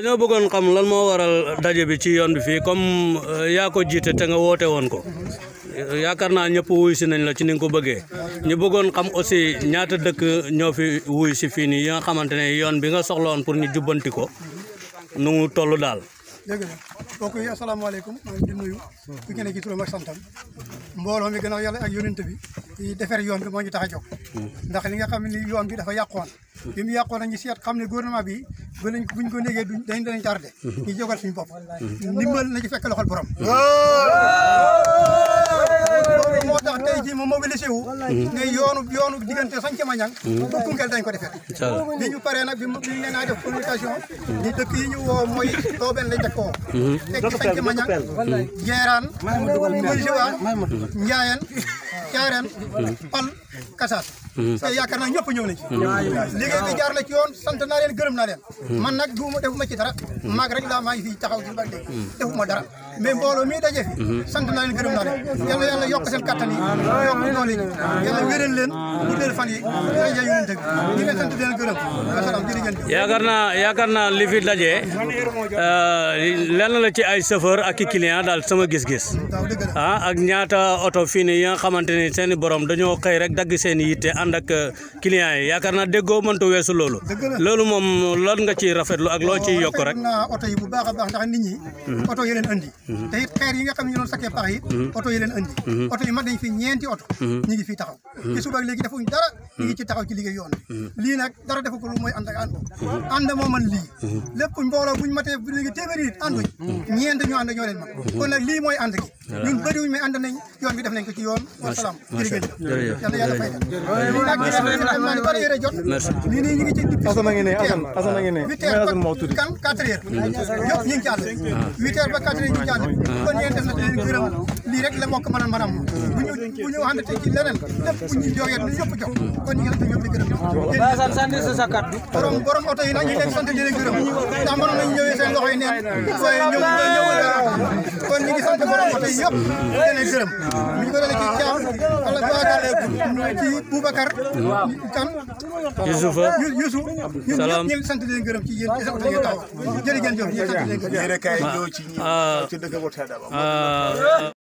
dañoo bëggoon xam lan moo waral daje bi ci yoon bi fii comme euh, yaa ko jiite te nga woote woon ko yaakaar naa ñëpp wuy si nañ la ci ni nga ko bëggee ñu bëggoon xam aussi ñaata dëkk ñoo fi wuy si fii nii yi nga xamante ne yoon bi nga soxla woon pour ñu jubbanti ko nu mu toll daal. dëgg la mbokk yi asalaamaaleykum maa ngi di nuyu ku ci nekk ci ak santam yàlla ak yonent bi di defar yoon bi moo ñu tax a jóg hmm. ndax li nga xam ne yoon bi dafa yàqoon hmm. bi mu yàqoon a ñu seet xam ne gouvernement bi bu nañ buñ ko négee duñ dañ danañ tardé ñu jógal suñu bopp ndimbal na ci fekk loxol borom Mmh. Mmh. ne yoonu yoonu diggante sañca Mañang mmh. ba Koungheul dañ ko defee bi ñu paree nag bi mu nee naa def communication ni dëkk yi ñu woo mooy Lobène lañ njëkk a woo tekki sañca Mañang Jeeraan muy Joal Njaayeen Caareen Pal Kasaas te yaakaar naa ñëpp ñëw nañ ci liggéey bi jaar na ci yoon sant naa leen gërëm naa leen man nag duuma defuma ci dara maag rek laa maa ngi fii taxaw ci ba léegi defuma dara mais mbooloo mii daje fi sant naa gërëm naa leen yàlla yàlla yokk seen kattan yàlla wéral leen yaakaar naa yaakaar naa li daje euh, lenn la ci ay chauffeur ak i daal sama gis-gis ah ak ñaata oto fii nii yi nga xamante ni seen i borom dañoo xëy rek dagg seen i yitte ànd ak euh, yi yaakaar na déggoo mëntu weesu loolu loolu moom lool nga ciy rafetlu ak loo ciy yokk rek oto yi bu baax a baax ndax nit ñi mhm. oto yi leen mhm. te it xeer yi nga ñu doon sakkee pax yi mhm. oto yi leen oto yi mat dañ ñeenti oto ñu ngi fii tax taxaw ci hmm. suba léegi defuñ dara ñu ngi ci taxaw ci liggéey yoon hmm. lii nag dara defu ko lu mooy ànd ak ànd hmm. ànd moo man lii lépp mbooloo buñ matee léegi téeméeri nit ànduñ ñeent ñoo ànd ñoo leen mag kon nag lii mooy ànd gi ñun bëriwuñ mais ànd nañ yoon bi def nañ ko ci yoon wasalaam jërëjëf yàlla yàlla fay def maa ni bari yëre jot lii nii ci Assane a ngi ne a ba kan ñu ngi ah. ah. kon ñeen na leen gërëm lii rek la bokk mën a mën a am bu ñu bu ñu ànd ci leneen lépp bu ñu jógee nu ñëpp jox kon ñu ngi leen di ñëpp di gërëm. Ah, Baye Assane sant sa sa kàddu. borom borom oto yi nag ñu ngi leen sant di leen gërëm ndax mënoon nañu ñëwee seen loxo yi neen waaye ñëw ñëw kon ñu ngi sant borom oto yi yëpp di leen gërëm ñu ngi ko dalee ci Thiam wala Bakar ci Boubacar kan Youssoufa Youssou ñu ngi sant di leen gërëm ci yéen ci sa oto yi taw jërëjëf ñu sant di leen gërëm